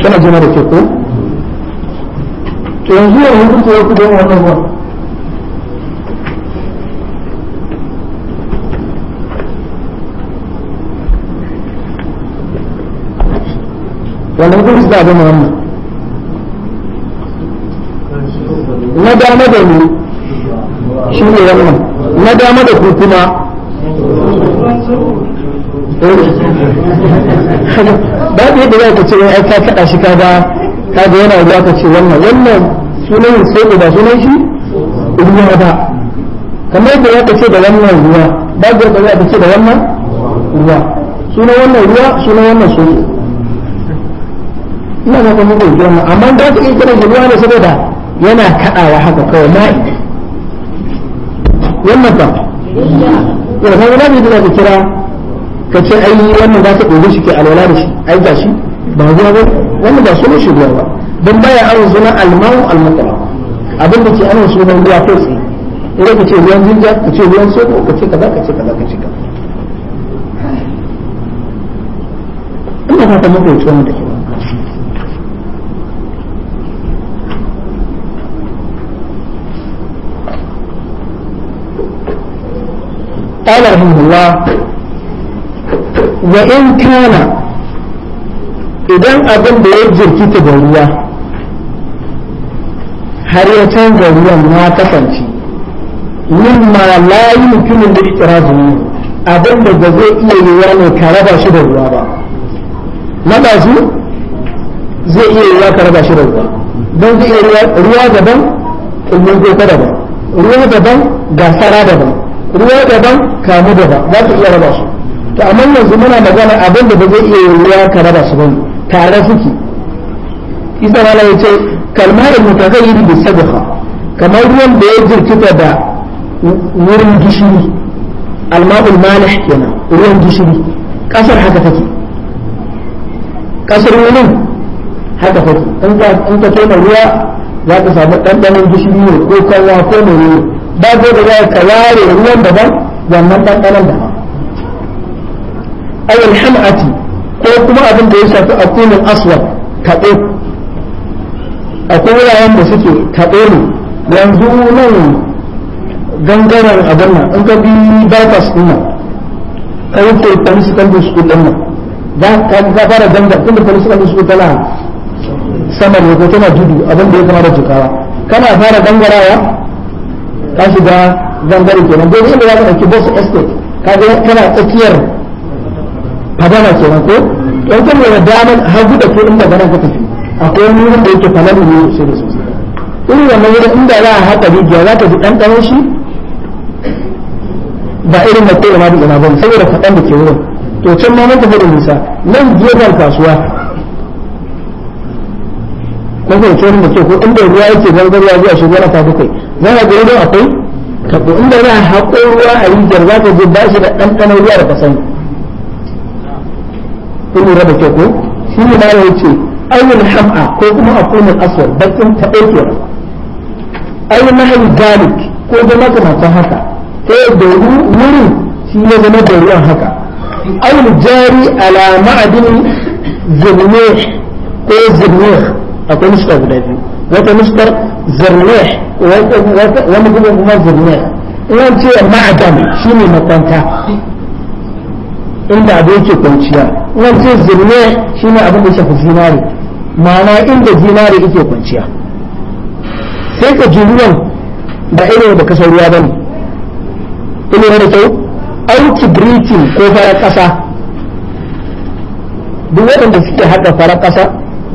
kana jina da ke ko to yanzu yanzu kuka yi kudin wannan wannan da abin wannan na dama da ni shi ne wannan na dama da ku kuma eh. babu da za ka ce ai ka kaɗa shi ka ga ka ga yana ruwa ka ce wannan wannan sunan sai ba sunan shi ruwa ba kamar yadda za ka ce da wannan ruwa ga yadda za ka ce da wannan ruwa sunan wannan ruwa sunan wannan sunan ina ga kuma gobe wannan amma da ka iya kiran ruwa ne saboda yana kaɗawa haka kawai mai wannan ba yana ga wani da ka kira ka ce ai wannan za ta ɗoge shi ke alwala da shi ai ga shi ba ruwa ba wannan ba sunan shi ruwa ba don baya an zuna almawu almutala abin da ke aron sunan ruwa kai tsaye idan ka ce ruwan jinja ka ce ruwan soko ka ce kaza ka ce kaza ka ce kaza ina fata muku da wannan da ke قال رحمه الله wa in kana idan abin da ya jirkita da ruwa har ya canza ruwan ya kasance ma layi mutumin da zuwa abin da ba zai iya yi wa ne ka raba shi da ruwa ba maɗazu zai iya yi wa ka raba shi da ruwa don zai iya ruwa daban kullum gobe daban ruwa daban gasara daban ruwa daban kamu daban za ka iya raba shi. to amma yanzu muna magana abin da ba zai iya yiwuwa ka raba su bane tare suke isa wala ya ce kalmar mutaghayyir bi sabqa kamar ruwan da ya jirkita da wurin gishiri alma'ul malih kenan ruwan gishiri kasar haka take kasar wurin haka take in ka tona ruwa za ka samu ɗanɗanon gishiri ne ko kanwa ko mai ba ko da za ka ware ruwan daban wannan ɗanɗanon daban awal ham'ati ko kuma abin da ya shafi akunin aswad kaɗo akwai wuraren da suke kaɗo ne yanzu nan gangaren a ganna in ka bi bypass ɗin nan ka wuce municipal school ɗin nan za ka fara gangar tun da municipal school tana sama ne ko tana dudu abin da ya kama da tukawa kana fara gangarawa ka shiga gangare kenan dai inda za ka ɗauki boss estate ka ga kana tsakiyar fadala kenan ko don kan yana damar har da ko in magana ka tafi akwai wani wurin da yake falalu ne sai da sosai irin wannan wurin inda za a haka rijiya za ka ji dan shi ba irin mai kai da ina ba saboda faɗan da ke wurin to can ma mun tafi da nisa nan ga kasuwa ko ko ce da ke ko inda ruwa yake gangarwa zuwa shi gona ta bakwai za ka ga akwai kabo inda za a haƙo ruwa a rijiyar za ka je ba shi da ɗanɗanon ruwa da ka sani kun lura da ko shi ne ya ce ayyul ham'a ko kuma akunul aswad bakin ta dauke ba ayyul mahal galik ko da makamantan haka ta yadda wurin shi ne zama da ruwan haka ayyul jari ala ma'adin zirnih ko zirnih akwai nuska guda biyu wata nuskar zirnih wani kuma kuma zirnih in ce ma'adan shi ne makwanta inda abu yake kwanciya nan ce zirne shi ne abin da shafi zinari ma'ana inda zinari yake kwanciya sai ka ji ruwan da ilo da kasar ruwa ne, ilo da kyau auki britin ko farar kasa duk waɗanda suke haɗa farar ƙasa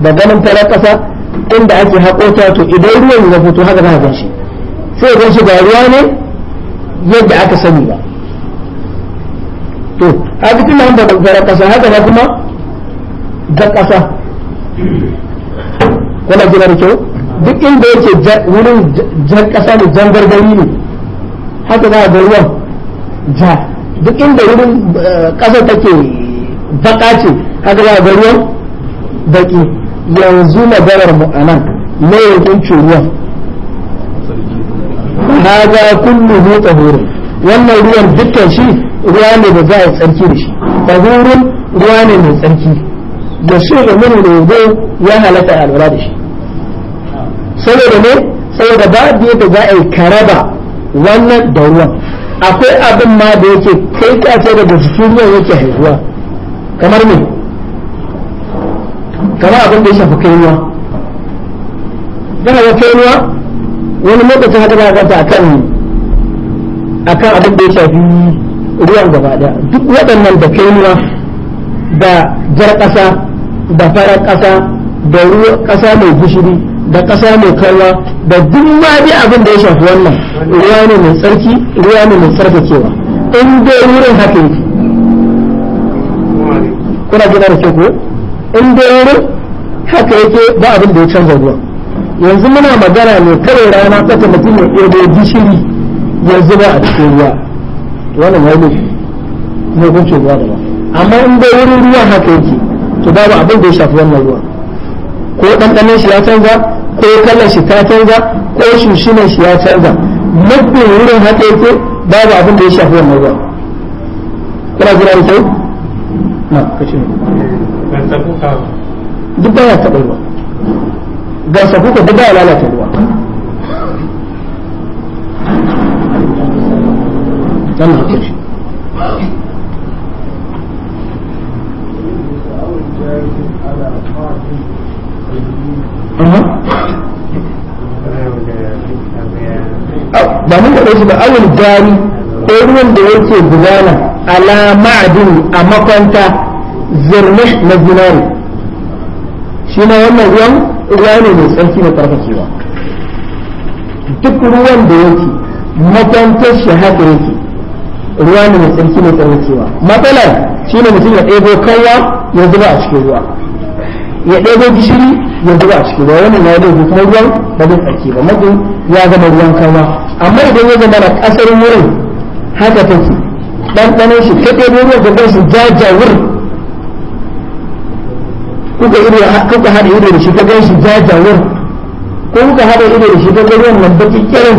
da ganin farar kasa inda ake haƙo ta to idan ruwan ya fito haka za a ganshi, sai gan shi ba ruwa ne yadda aka sani ba to haka tun da gara kasa haka ba kuma da kasa kuma jina da kyau duk inda yake wurin jar kasa ne jan gargari ne haka za a ga ruwan ja duk inda wurin kasa eh, take baka ce haka za a ga ruwan baki yanzu maganar mu a nan ne yankin ruwan hada kullu hu tahurun wannan ruwan dukkan shi ruwa ne da za a tsarki da shi tahurun ruwa ne mai tsarki da su da mun ne ya halatta alwala da shi saboda ne saboda ba babu yadda za a yi karaba wannan da ruwan akwai abin ma da yake kai kace daga jikin ruwan yake haihuwa kamar me kamar abin da ya shafi kai ruwa yana da kai ruwa wani lokacin haka ta a kan abin da ya shafi ruwan gaba daya duk waɗannan da kai nuna da jar ƙasa da farar ƙasa da ruwa ƙasa mai gishiri da ƙasa mai kalwa da duk ma dai abin da ya shafi wannan ruwa ne mai tsarki ruwa ne mai tsarkakewa in dai wurin haka yake kuna gina da ko in dai wurin haka yake ba abin da ya canza ruwa yanzu muna magana ne kawai rana tsaka mutum ya ɗebo gishiri ya zuba a cikin ruwa wannan ya ne ne hukuncin ruwa da ba amma in dai wurin ruwa haka yake to babu abin da ya shafi wannan ruwa ko ɗanɗanon shi ya canza ko kallon shi ta canza ko shushinan shi ya canza muddin wurin haka yake babu abin da ya shafi wannan ruwa kuna jira da kyau na kashe duk ya taɓa ruwa gasa kuka duk ya lalata ruwa wannan haka ne ba mun shi ba awul jari ko ruwan da yake gudana ala ma'adini a makwanta na zinari shi na wannan ruwan ruwa ne mai tsarki na tsarkakewa duk ruwan da yake makwantar shahadar yake ruwa ne mai tsarki mai tsarkewa matsalar shi ne mutum ya ɗebo kawwa ya zuba a cikin ruwa ya ɗebo gishiri ya zuba a cikin ruwa wannan ya ɗebo kuma ruwan ba zai tsarki ba mutum ya zama ruwan kawwa amma idan ya zama na ƙasar wurin haka take ɗanɗanon shi ka ɗebo ruwan gangan shi wurin kuka iri kuka haɗa iri da shi ka gan shi wurin ko kuka haɗa iri da shi ka gan ruwan nan da kirin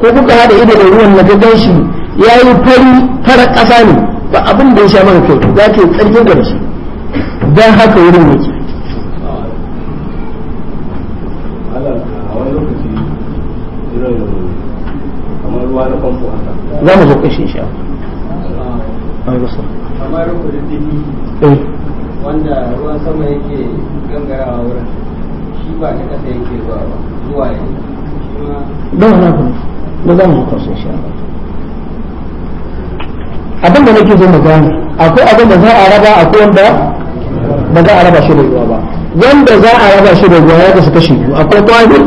ko kuka haɗa iri da ruwan na ta gan shi ya yi fari fara ƙasa ne ba abin da ya sha mara kyau za ka yi da shi don haka wurin yake za mu zo kashe shi kamar kudin eh. wanda ruwan sama yake gangarawa wurin shi ba yake ba zuwa yanzu shi ma ba na ba za mu kashe shi abin da nake zo magana gane akwai abin da za a raba akwai wanda ba za a raba shi da ruwa ba wanda za a raba shi da ruwa ya kasu kashi biyu akwai kwamir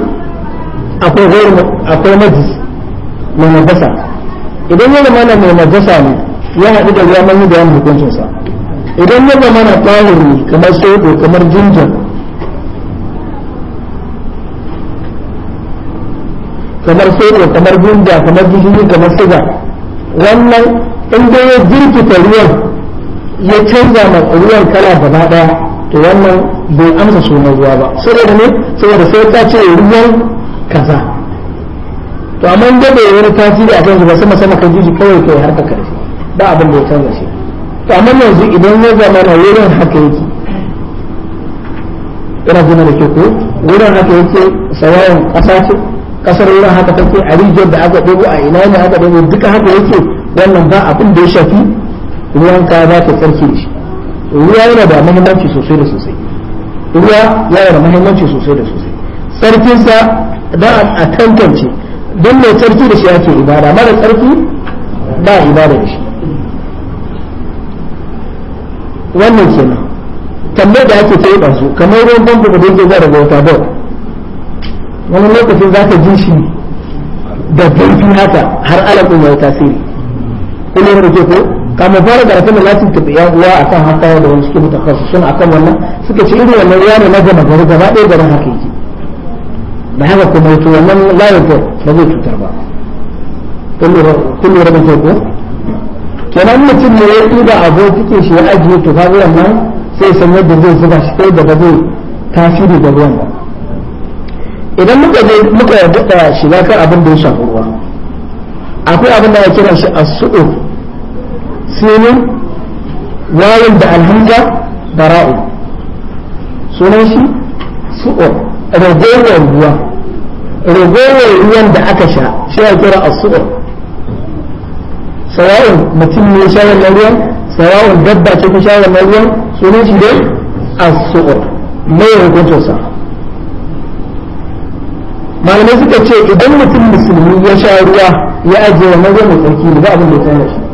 akwai gairu akwai majis mai majasa idan ya zama mai majasa ne ya haɗu da ruwa mai da yan hukuncinsa idan ya zama na tahir ne kamar sodo kamar jinjin kamar sodo kamar gunja kamar jijini kamar siga wannan in dai ya jirkita ruwan ya canza ma ruwan kala gaba daya to wannan bai amsa sunan ruwa ba saboda ne saboda sai ta ce ruwan kaza to amma da bai wani tasiri a kansu ba sama sama ka jiji kawai kai harka karfi ba abin da ya canza shi to amma yanzu idan ya zama na wurin haka yake ina gina da ke ko wurin haka yake sawayan kasa ce kasar wurin haka take a rijiyar da aka ɗebo a ina ne aka ɗebo duka haka yake wannan ba abin da ya shafi ruwanka za ka tsarki da shi ruwa yana da mahimmanci sosai da sosai ruwa yana da mahimmanci sosai da sosai tsarkinsa da a tantance don mai tsarki da shi ake ibada mara tsarki ba ibada da shi wannan kenan tambayar da ake ta yi ɗansu kamar ruwan famfo da yake zuwa daga wata bau wani lokacin za ka ji shi da zurfin haka har alaƙin ya yi tasiri kullum da ke ko kamar fara da rafin na cin tafi yan uwa akan haka da wani suke mutakhassisun akan wannan suka ce irin wannan ruwa ne na gama gari gaba ɗaya garin haka yake da haka kuma yato wannan layin ko ba zai cutar ba kullum da ke ko kenan mutum ne ya ɗuba abu cikin shi ya ajiye to kaga wannan sai san yadda zai zuba shi kai da ba zai tasiri da ruwan ba idan muka je muka daɗa shiga kan abin da ya shafi ruwa akwai abin da ya kira shi a suur filin wayan da alhamza bara'u sunan shi su'ur ragowar ruwa ragowar ruwan da aka sha shi ya kira a su'o sawa'un mutum ne sha wannan ruwan sawa'un dabba ce ta sha wannan ruwan sunan shi dai a su'ur mai hukuncinsa malamai suka ce idan mutum musulmi ya sha ruwa ya ajiye wannan ruwan da tsarki ne ba abin da ya tsaye shi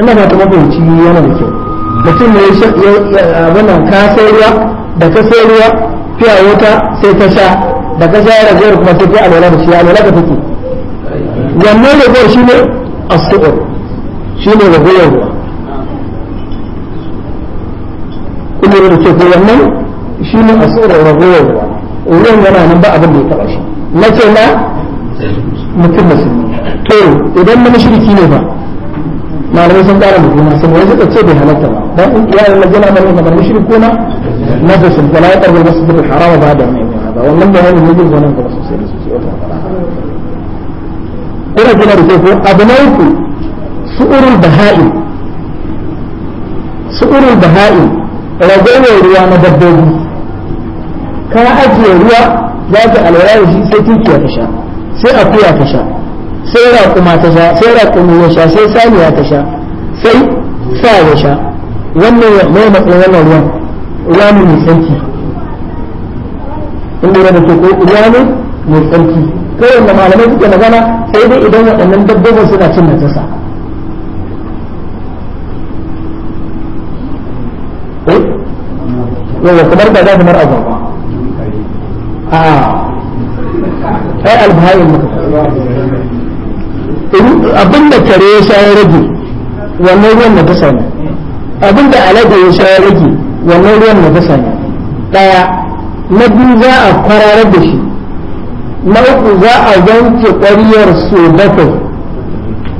ina ba ta mabauci yana da kyau mutum ne ya ka sai ruwa da ka sai ruwa fiya wuta sai ta sha da ka sha zuwa kuma sai ta alwala da shi alwala ka take wannan ragowar shi ne asu'ur shi ne goyon ruwa kuma da ke wannan shi ne da goyon ruwa ruwan yana nan ba abin da ya taɓa shi na ce na mutum musulmi to idan na shirki ne ba malamai sun ƙara da juna saboda suka ce bai halatta ba dan in iyalin lajina bane na barmishi kuna na da sun fala ya karbi masu dukkan harama ba da mai ba wannan bayanin ne zai zanen gaba sosai da sosai wata kuna gina da ke ko abu na uku su'urul baha'i su'urul baha'i ragowar ruwa na dabbobi ka ajiye ruwa za ka alwaya shi sai tunkiya ta sha sai akuya ta sha sai kuma ta sha sai raƙumi ya sha sai saniya ta sha sai sa ya sha wannan ya mai matsayin wannan ruwan ruwa ne mai tsarki in da ke ko ruwa ne mai tsarki kawai da malamai suke magana sai dai idan waɗannan dabbobin suna cin najasa eh? yawa kamar da za mar azaba a ai albahayin muka abin da kare ya sha ya rage wannan ruwan na gasa ne abin da alaƙa ya sha ya rage wannan ruwan na gasa ne ɗaya na biyu za a kwararar da shi na uku za a wanke ƙwariyar so bakwai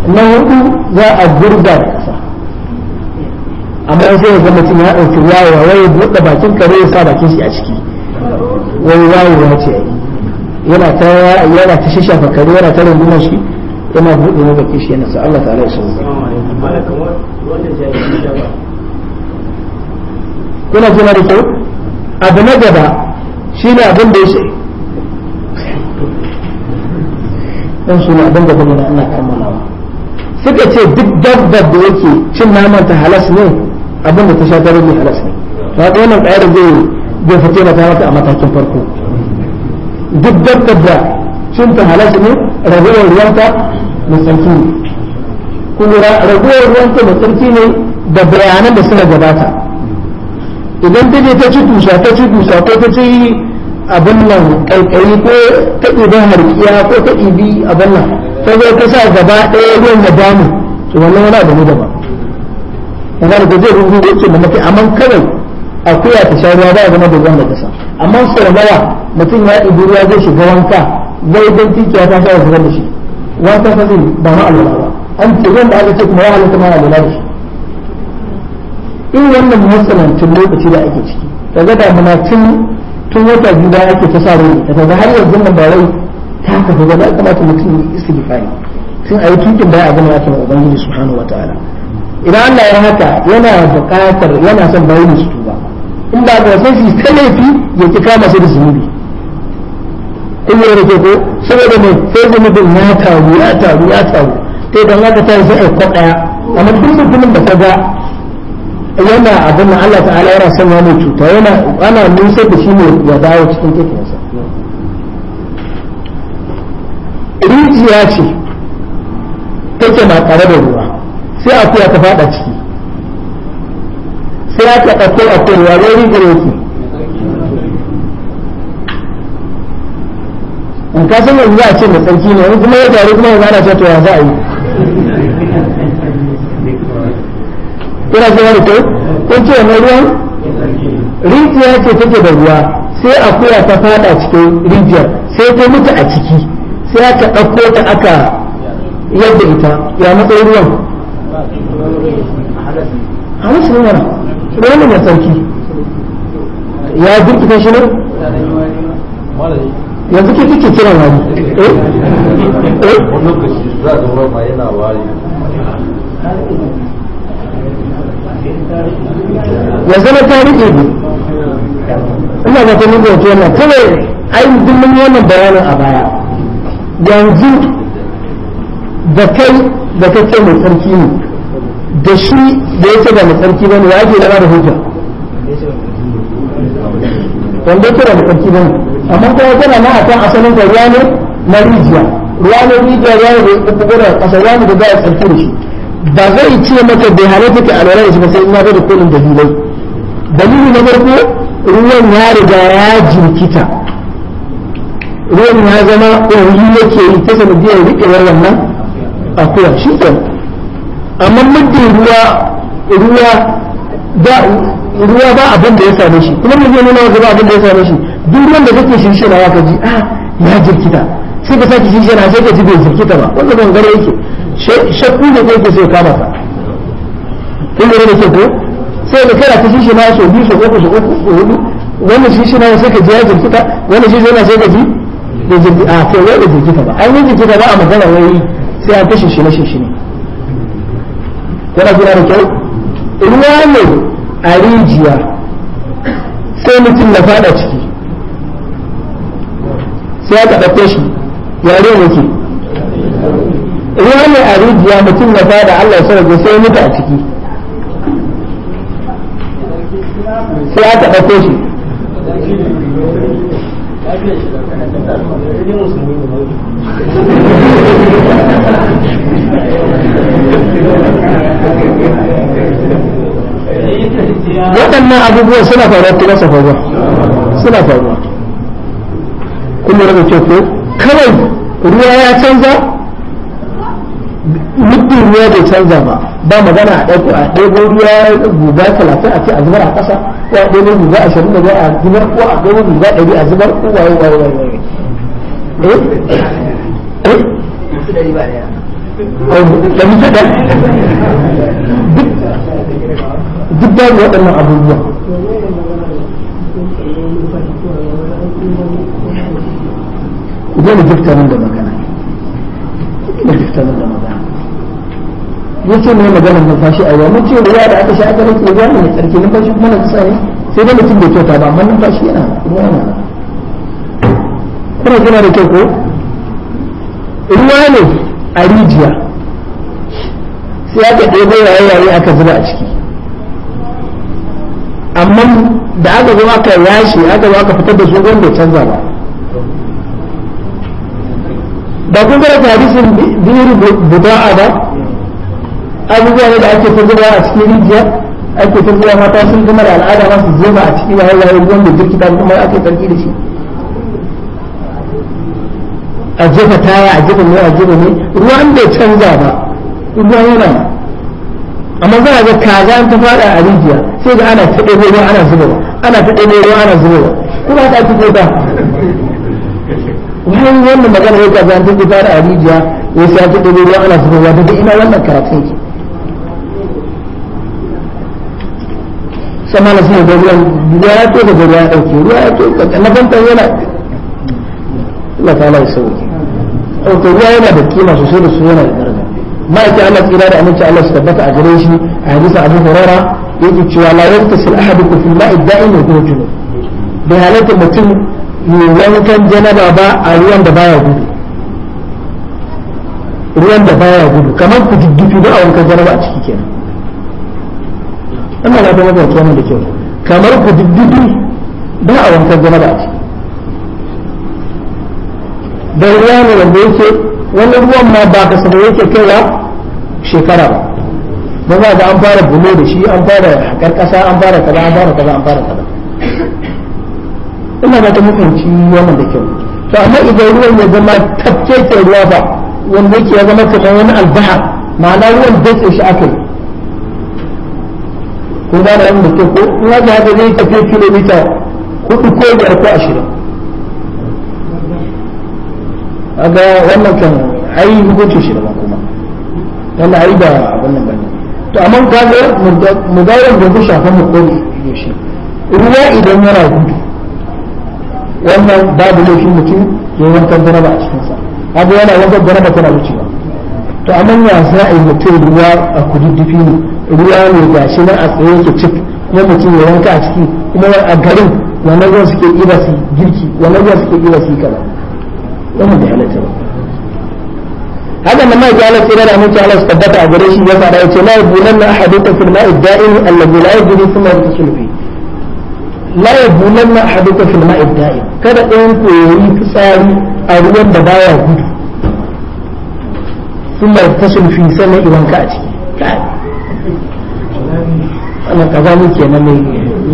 na hudu za a gurga amma sai ya zama mutum ya ɗauki wayewa ya buɗe bakin kare ya sa bakin shi a ciki wai wayewa ce yana ta yana ta shishafa kare yana ta rungunar shi yana buɗe maka kishi yana sa Allah ta'ala ya shi kuna jina da kyau abu na gaba shi ne abin da ya shi ɗan suna abin da gaba ana kammalawa suka ce duk dabbar da yake cin naman ta halas ne abin da ta sha ta rage halas ne ta ga wannan ƙayar zai bai fito na ta mata a matakin farko duk dabbar da cin ta halas ne ragowar ruwanta na sarki ne kuma ragowar ruwan kai na sarki ne da bayanan da suna gabata idan ta je ta ci dusa ta ci dusa ko ta ci abin nan kaikayi ko ta ɗibi harkiya ko ta ɗibi abin nan ta zai ta sa gaba ɗaya ruwan ya damu to wannan wani da nuna ba yana da zai rungu wuce da mafi amma kawai kuya ta sha ruwa ba ya zama da dogon da kasa amma sau nawa mutum ya ɗibi ruwa zai shiga wanka zai dan ta sha zubar da shi Wata zai ba ma alwala ba an ce wanda aka ce kuma ya halatta ma alwala da shi in wannan matsalancin lokaci da ake ciki daga damuna tun tun wata biyu da ake ta sare rai daga har yanzu nan ba wai ta kafa ba da kamata mutum ya isi bifani tun a yi tukin baya a gama ya kama ubangiji subhanahu wataala idan Allah ya haka yana buƙatar yana son bayan su tuba in ba ka san shi ta laifi ya ki kama su da zunubi kun lura da ko saboda mai sai zama bin ya taru ya taru ya taru sai don haka ta sai aiko daya amma duk mutumin da ka ga yana abin da Allah ta'ala yana son ya mai cuta yana ana nisa da shi ne ya dawo cikin tekinsa rijiya ce take na tare da ruwa sai akuya ta faɗa ciki sai aka ɗauko a ruwa wai rijiyar yake in ka san yanzu a ce mai tsarki ne wani kuma ya taru kuma ya gana ce to ya za a yi ina ce wani kai kun ce wani ruwan rijiya ce take da ruwa sai akuya ta fada cikin rijiyar sai ta mutu a ciki sai aka ɗauko ta aka yadda ita ya matsayin ruwan a wasu ne mana ruwan mai tsarki ya birkita shi ne yanzu ke kike kira wani eh eh shi za ga ruwa yana wari ya zama tarihi ne ina ga ta nuna wato wannan kawai ai duk mun wannan bayanin a baya yanzu da kai da kake mai tsarki ne da shi da yake da mai tsarki ba ne ya ke da hujja wanda yake da mai tsarki ba ne amma ko yana na akan asalin da ruwa ne na rijiya ruwa ne rijiya ruwa ne da uku gudan kasa ruwa ne da za a tsarki da shi ba zai ce maka da halatta ka alwala da shi ba sai in ya bada kolin dalilai dalili na farko ruwan ya riga ya jinkita ruwan ya zama ɗori yake yi ta sanadiyar riƙewar wannan akuya shi ke amma muddin ruwa ruwa ruwa ba abin da ya same shi kuma mun yi nuna ba abin da ya same shi duk wanda da kake shinshina ya kaji ah ya jirkita sai ka sake shinshina sai ka ji bai jirkita ba wanda ban gare yake shakku ne kai ke sai ka masa kun gare da ke ko sai da kana ta shinshina ya so biyu so uku so uku so hudu wannan shinshina ya sai ka ji ya jirkita wannan shinshina sai ka ji bai jirkita a ah, sai wai da jirkita ba an yi jirkita ba a magana wai sai an ta shinshina shinshina yana gina da kyau ruwa ne a rijiya sai mutum na fada ciki sai aka ɗauko shi yare yake ruwa ne a rijiya mutum na fada Allah ya sarrafa sai mutu a ciki sai aka ɗauko shi waɗannan abubuwan suna faruwa kuma suna faruwa kuma da ke ko kawai ruwa ya canza muddin ruwa bai canza ba ba magana a ɗauko a ɗaiɗo ruwa ya guga talatin a ce a zubar a ƙasa ko a ɗaiɗo guga ashirin da zai a zubar ko a ɗaiɗo guga ɗari a zubar ko waye waye waye eh? Eh? duk da waɗannan abubuwa daina gifta nan da magana da gifta nan da magana yace mai magana numfashi a yau mun ce ruwa da aka sha aka rike ruwa ne tsarki na fashi kuma na tsaya sai dai mutum bai kyauta ba amma na fashi yana ruwa yana kuma gina da kyau ko ruwa ne a rijiya sai aka ɗebo yaye-yaye aka zuba a ciki amma da aka zo aka yashe aka zo aka fitar da su wanda canza ba ba kun ta hadisin biyu a ba abubuwa ne da ake ta zuba a cikin rijiya ake ta zuba mata sun gama da al'ada ma su zuba a cikin yawon yawon ruwan da jirki da kuma ake sarki da shi a jefa taya a jefa ne a jefa ne ruwan bai canza ba ruwan yana amma za ga kaza an ta fada a rijiya sai ga ana ta ɗebo ruwa ana zuba ana ta ɗebo ruwa ana zuba kuma ta ake ta bayan wannan magana ya kaza ta fara a rijiya ya sa ta ɗago ruwa ana zubarwa daga ina wannan karatun ke sama na suna da ruwan ruwa ya to daga ruwa ya ɗauke ruwa ya to na bantan yana Allah ta ala ya sauke ɗauke ruwa yana da kima sosai da su yana da daraja ma'aikin Allah tsira da aminci Allah su tabbata a gare shi a hadisa abu hurara yake cewa la yantasil ahadukum fil ma'i da'im wa huwa junub bai halatta mutum yi wankan janaba ba a ruwan da baya gudu ruwan da baya gudu kamar ku jiddufi ba a wankan janaba a ciki kenan amma ya ba mafi wannan da kyau kamar ku jiddufi ba a wankan janaba a ciki da ruwa ne wanda yake wannan ruwan ma ba ka sabo yake kaiwa shekara ba ba za ga an fara bulo da shi an fara hakar kasa an fara kaza an fara kaza an fara kaza ina ba ta mutunci wannan da kyau to amma idan ruwan ya zama tafkeken ruwa ba wanda ke ya zama kamar wani albahar ma'ana ruwan shi aka ko da ran da ko ya zai tafi kilomita hudu ko biyar ko ashirin aga wannan kan ai hukunci shi kuma wannan ai ba wannan ba to amma kaga mu ga wanda shafa mu ko ruwa idan yana gudu wannan babu laifin mutum ya yi wankan jaraba a cikinsa abu yana wankan jaraba tana wucewa to amma ya za a yi mutum ruwa a kududdufi ne ruwa ne ga shi na a tsaye yake cik kuma mutum ya wanka a ciki kuma a garin wannan ruwan suke kira su girki wannan ruwan suke kira su kaza wannan da halatta ba هذا لما جعل سيرة أمين تعالى استبدت عبريش يسعى رأيك لا يبولن احدكم في الماء الدائم الذي لا يجري ثم يغتسل فيه la bulan na ahaduka fil ma'i da'im kada ɗayan ku yayi fitsari a ruwan da baya gudu kuma tasul fi sana idan ka a ciki ana kaza mu kenan mai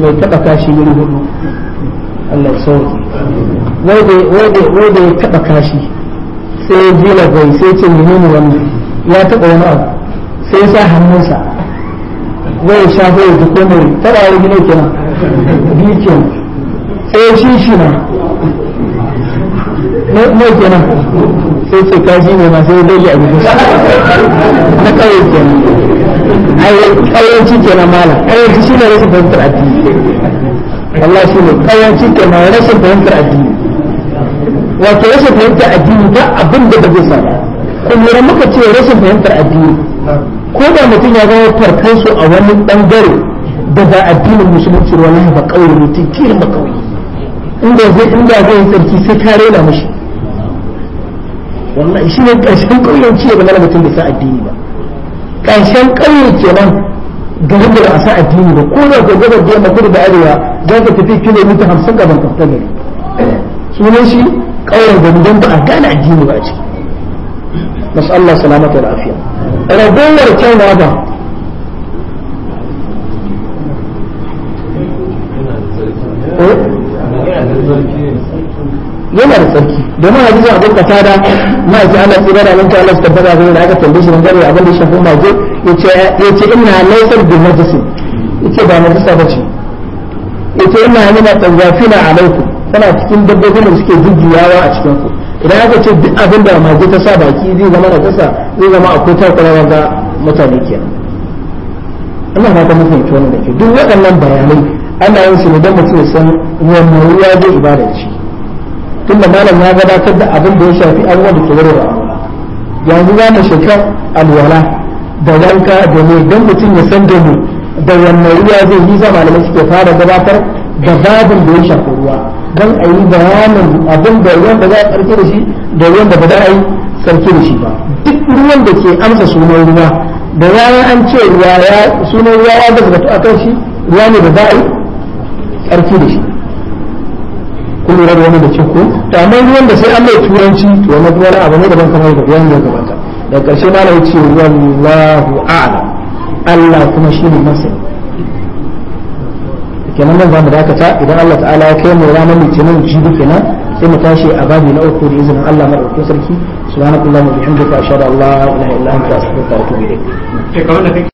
mai taba kashi wuri hudu Allah sauki wai da ya taɓa kashi sai jila bai sai ce menene wannan ya taɓa wani abu sai sa hannunsa wai shafa ya ji komai taba wani ne kenan dukiya sai shi shi na mai kenan sai ce kaji ne masu yi dole a gudu na kawai kenan ai kawanci kenan mala kawanci shi ne rashin fahimtar addini wallahi shi ne kawanci kenan rashin fahimtar addini wato rashin fahimtar addini ba abin da ba zai sa ba kullum muka ce rashin fahimtar addini ko da mutum ya zama farkansu a wani bangare Da ba addinin musulunci wallahi ba kauye ne tinkirin ba kauye inda zai inda zai yi sarki sai ka rena mashi. wallahi shi ne ƙarshen ƙauyenci ya zama mutum bai sa addini ba ƙarshen ƙauye kenan garin da ba a sa addini ba ko da ka gaba da yamma kudu da arewa za ka tafi kilomita hamsin gaban kaftar gari sunan shi ƙauyen gari don ba a gane addini ba a ciki masu Allah salamata da afiya ragowar na ba Eh? yana da tsarki domin hadisi abu ta da ma'aikin Allah tsira da minta Allah su tabbata ga da aka tambaye shi dangane da abin da shafi mage ya ce ina laisar da najisi ya ce ba najisa ba ce ya ce ina nuna tsawafina alaikum tana cikin dabbobin da suke jujjuyawa a cikin ku idan aka ce duk abin da mage ta sa baki zai zama na kasa zai zama akwai takurawa ga mutane kenan Allah ba ta mutunci wani da ke duk waɗannan bayanai ana yin su ne don mutum ya san wanne ruwa zai ibada da shi tunda malam ya gabatar da abin da ya shafi abubuwan da ke wurin ra'awa yanzu za mu shiga alwala da wanka da ne don mutum ya san da ne da wanne ruwa zai yi za malamai suke fara gabatar da babin da ya shafi ruwa don a yi bayanin abin da ruwan da za a tsarki da shi da ruwan da ba za a yi tsarki da shi ba duk ruwan da ke amsa sunan ruwa da ya an ce ruwa ya sunan ruwa ya gaza a kan shi ruwa ne da za a yi karfi da shi kun lura da wani da cin to amma ruwan da sai an mai turanci to wannan wani abu ne daban kamar da ruwan da gabata da karshe ma na wallahu Allah kuma masani kenan nan zamu dakata idan Allah ta'ala ya kai mu ranar litinin jibi kenan sai mu tashi a babi na uku da izinin Allah madaukakin sarki subhanallahi wa ashhadu an la ilaha illa anta astaghfiruka wa atubu ilayk